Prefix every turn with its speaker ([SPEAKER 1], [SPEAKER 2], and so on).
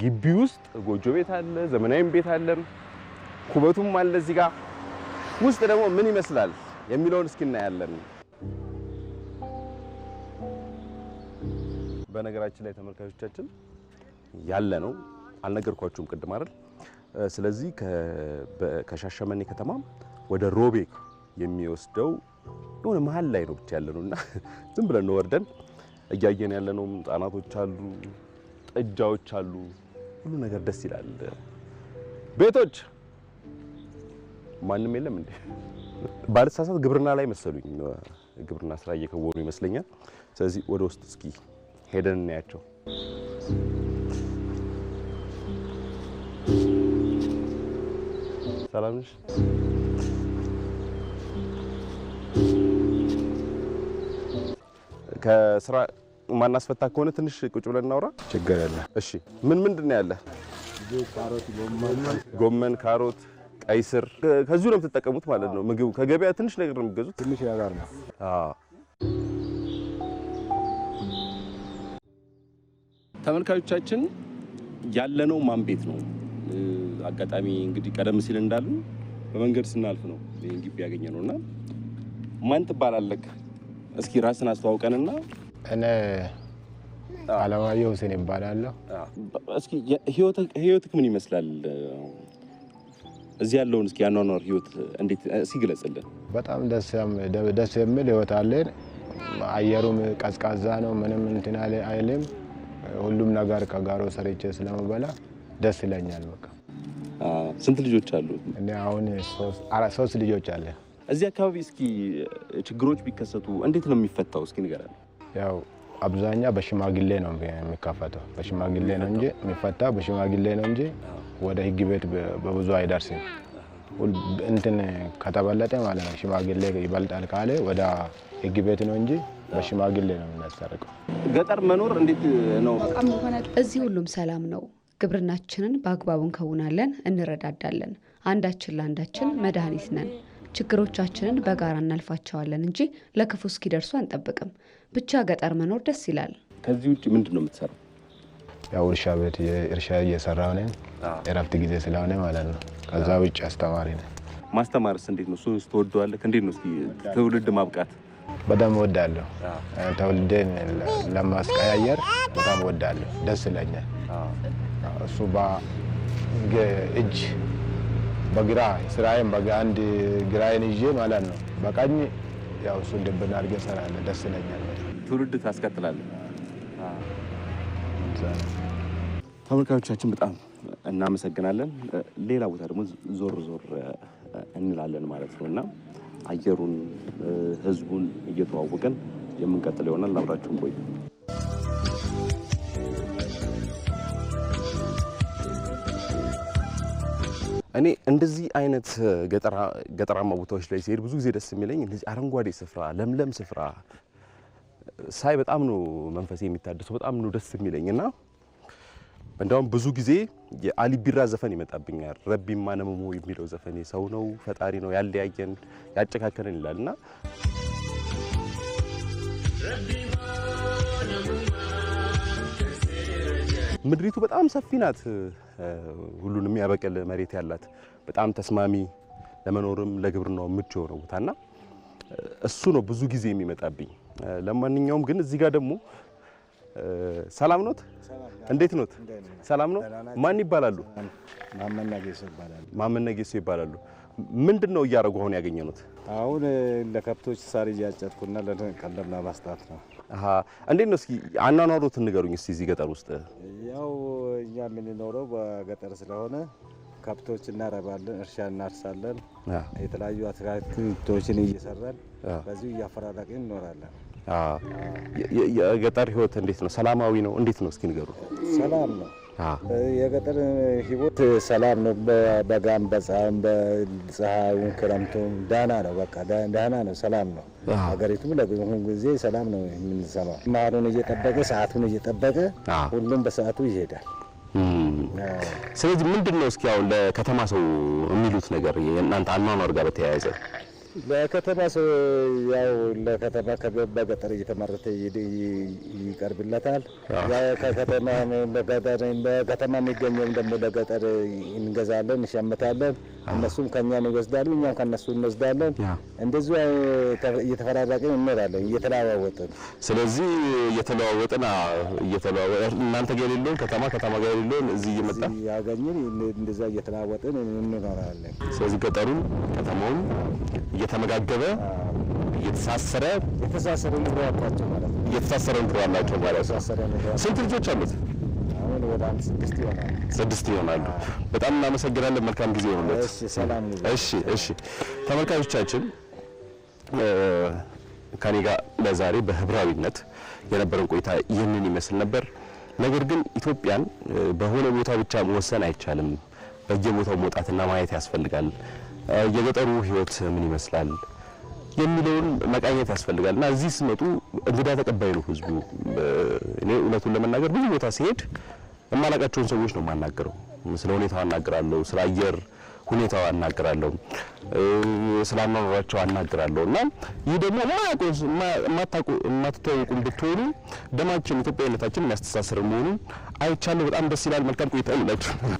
[SPEAKER 1] ግቢ ውስጥ ጎጆ ቤት አለ፣ ዘመናዊም ቤት አለ፣ ኩበቱም አለ። እዚህ ጋር ውስጥ ደግሞ ምን ይመስላል የሚለውን እስኪ እናያለን። በነገራችን ላይ ተመልካቾቻችን ያለ ነው አልነገርኳችሁም ቅድም አይደል? ስለዚህ ከሻሸመኔ ከተማ ወደ ሮቤ የሚወስደው የሆነ መሀል ላይ ነው ብቻ ያለ ነው እና ዝም ብለን ወርደን እያየን ያለ ነው። ህጻናቶች አሉ ጥጃዎች አሉ። ሁሉ ነገር ደስ ይላል። ቤቶች ማንም የለም እንዴ? ባልሳሳት ግብርና ላይ መሰሉኝ፣ ግብርና ስራ እየከወኑ ይመስለኛል። ስለዚህ ወደ ውስጥ እስኪ ሄደን እናያቸው። ሰላም ነሽ? ከስራ ማናስፈታ ከሆነ ትንሽ ቁጭ ብለን እናውራ። ችግር የለ። እሺ፣ ምን ምንድን ነው ያለ? ጎመን፣ ካሮት፣ ቀይ ስር ከዚሁ ነው የምትጠቀሙት ማለት ነው። ምግቡ ከገበያ ትንሽ ነገር ነው የሚገዙት?
[SPEAKER 2] ትንሽ ያጋር ነው።
[SPEAKER 1] ተመልካዮቻችን ያለነው ማን ቤት ነው? አጋጣሚ እንግዲህ ቀደም ሲል እንዳሉ በመንገድ ስናልፍ ነው ይህን ግቢ ያገኘ ነው እና ማን ትባላለህ? እስኪ ራስን አስተዋውቀንና
[SPEAKER 2] እኔ አለማየሁ ሁሴን ይባላለሁ።
[SPEAKER 1] እስኪ ህይወትህ ምን ይመስላል? እዚህ ያለውን እስኪ አኗኗር ህይወት እንዴት ሲግለጽልን።
[SPEAKER 2] በጣም ደስ የሚል ህይወት አለን። አየሩም ቀዝቃዛ ነው። ምንም እንትን አይልም። ሁሉም ነገር ከጋሮ ሰርቼ ስለምበላ ደስ ይለኛል። በቃ
[SPEAKER 1] ስንት ልጆች አሉ?
[SPEAKER 2] እኔ አሁን ሶስት ልጆች አለ።
[SPEAKER 1] እዚህ አካባቢ እስኪ ችግሮች ቢከሰቱ እንዴት ነው የሚፈታው? እስኪ ንገረን።
[SPEAKER 2] ያው አብዛኛ በሽማግሌ ነው የሚካፈተው። በሽማግሌ ነው እንጂ የሚፈታ በሽማግሌ ነው እንጂ ወደ ህግ ቤት በብዙ አይደርስም። እንትን ከተበለጠ ማለት ነው ሽማግሌ ይበልጣል ካለ ወደ ህግ ቤት ነው እንጂ በሽማግሌ ነው የምናስታርቀው።
[SPEAKER 1] ገጠር መኖር እንዴት ነው?
[SPEAKER 3] እዚህ ሁሉም ሰላም ነው። ግብርናችንን በአግባቡ እንከውናለን፣ እንረዳዳለን። አንዳችን ለአንዳችን መድኃኒት ነን። ችግሮቻችንን በጋራ እናልፋቸዋለን እንጂ ለክፉ እስኪደርሱ አንጠብቅም። ብቻ ገጠር መኖር ደስ ይላል።
[SPEAKER 1] ከዚህ ውጭ ምንድን ነው የምትሰራው?
[SPEAKER 2] ያው እርሻ ቤት እርሻ እየሰራሁ ነኝ፣ የረፍት ጊዜ ስለሆነ ማለት ነው። ከዛ ውጭ አስተማሪ ነኝ።
[SPEAKER 1] ማስተማርስ እንዴት ነው? እሱን ስትወደዋለህ? እንዴት ነው ትውልድ ማብቃት?
[SPEAKER 2] በጣም እወዳለሁ። ትውልድን ለማስቀያየር በጣም እወዳለሁ፣ ደስ ይለኛል። እሱ እጅ በግራ ስራዬን በአንድ ግራዬን ይዤ ማለት ነው በቀኝ ያው እሱ ድብና አድርጌ እሰራለሁ። ደስ ይለኛል።
[SPEAKER 1] ትውልድ ታስቀጥላለህ። ተመልካዮቻችን በጣም እናመሰግናለን። ሌላ ቦታ ደግሞ ዞር ዞር እንላለን ማለት ነው እና አየሩን ህዝቡን እየተዋወቀን የምንቀጥል ይሆናል። አብራችሁን ቆዩ። እኔ እንደዚህ አይነት ገጠራማ ቦታዎች ላይ ሲሄድ ብዙ ጊዜ ደስ የሚለኝ እንደዚህ አረንጓዴ ስፍራ፣ ለምለም ስፍራ ሳይ በጣም ነው መንፈሴ የሚታደሰው፣ በጣም ነው ደስ የሚለኝ እና እንደውም ብዙ ጊዜ የአሊ ቢራ ዘፈን ይመጣብኛል። ረቢ ማነመሞ የሚለው ዘፈን ሰው ነው ፈጣሪ ነው ያለያየን ያጨካከለን ይላል እና ምድሪቱ በጣም ሰፊ ናት። ሁሉን የሚያበቅል መሬት ያላት በጣም ተስማሚ ለመኖርም ለግብርናው ምቹ የሆነ ቦታና እሱ ነው ብዙ ጊዜ የሚመጣብኝ። ለማንኛውም ግን እዚህ ጋር ደግሞ ሰላም ኖት? እንዴት ኖት? ሰላም ነው። ማን ይባላሉ? ማመነጌሶ ይባላሉ። ምንድን ነው እያደረጉ አሁን ያገኘኑት?
[SPEAKER 2] አሁን ለከብቶች ሳር እያጨድኩና ለቀለብ ለማስጣት ነው።
[SPEAKER 1] እንዴት ነው? እስኪ አኗኗሮት ንገሩኝ እስቲ እዚህ ገጠር ውስጥ።
[SPEAKER 2] ያው እኛ የምንኖረው በገጠር ስለሆነ ከብቶች እናረባለን፣ እርሻ እናርሳለን፣ የተለያዩ አትክልቶችን እየሰራን በዚሁ እያፈራረቅን እንኖራለን።
[SPEAKER 1] የገጠር ህይወት እንዴት ነው? ሰላማዊ ነው? እንዴት ነው? እስኪ ንገሩ።
[SPEAKER 2] ሰላም ነው የገጠር ህይወት ሰላም ነው። በጋም በፀሐይም በፀሐዩም ክረምቱም ዳና ነው። በቃ ዳና ነው፣ ሰላም ነው። ሀገሪቱም ለሁን ጊዜ ሰላም ነው የምንሰማው። መሀሉን እየጠበቀ ሰዓቱን እየጠበቀ ሁሉም በሰዓቱ ይሄዳል።
[SPEAKER 1] ስለዚህ ምንድን ነው እስኪ አሁን ለከተማ ሰው የሚሉት ነገር እናንተ አኗኗር ጋር በተያያዘ
[SPEAKER 2] ለከተማ ሰው ያው ለከተማ ገጠር እየተመረተ ይቀርብለታል። ከተማ የሚገኘውም ደግሞ ለገጠር እንገዛለን፣ እንሸምታለን። እነሱም ከኛ እንወስዳለን፣ እኛም ከነሱ እንወስዳለን። እንደዚሁ እየተፈራራቅን እንኖራለን፣ እየተለዋወጥን።
[SPEAKER 1] ስለዚህ እየተለዋወጥን እየተለዋወጥን እናንተ ጋር የሌለውን ከተማ ከተማ ጋር የሌለውን እዚህ እየመጣ
[SPEAKER 2] ያገኝን እንደዛ እየተለዋወጥን እንኖራለን።
[SPEAKER 1] ስለዚህ ገጠሩን ከተማውን እየተመጋገበ እየተሳሰረ
[SPEAKER 2] የተሳሰረ ኑሮ ያላቸው ማለት ነው።
[SPEAKER 1] እየተሳሰረ ኑሮ ያላቸው ማለት ነው። ስንት ልጆች አሉት? ስድስት ይሆናሉ። በጣም እናመሰግናለን። መልካም ጊዜ ይሁንለት። እሺ፣ እሺ። ተመልካቾቻችን ከኔ ጋር ለዛሬ በህብራዊነት የነበረን ቆይታ ይህንን ይመስል ነበር። ነገር ግን ኢትዮጵያን በሆነ ቦታ ብቻ መወሰን አይቻልም። በየቦታው መውጣትና ማየት ያስፈልጋል። የገጠሩ ህይወት ምን ይመስላል የሚለውን መቃኘት ያስፈልጋል እና እዚህ ስመጡ እንግዳ ተቀባይ ነው ህዝቡ። እኔ እውነቱን ለመናገር ብዙ ቦታ ሲሄድ የማላቃቸውን ሰዎች ነው የማናገረው። ስለ ሁኔታው አናግራለሁ፣ ስለ አየር ሁኔታው አናግራለሁ፣ ስለ አኗኗራቸው አናግራለሁ እና ይህ ደግሞ የማትተዋወቁም ብትሆኑ ደማችን ኢትዮጵያዊነታችን የሚያስተሳስር መሆኑን አይቻለሁ። በጣም ደስ ይላል። መልካም ቆይታ ይሁንላችሁ።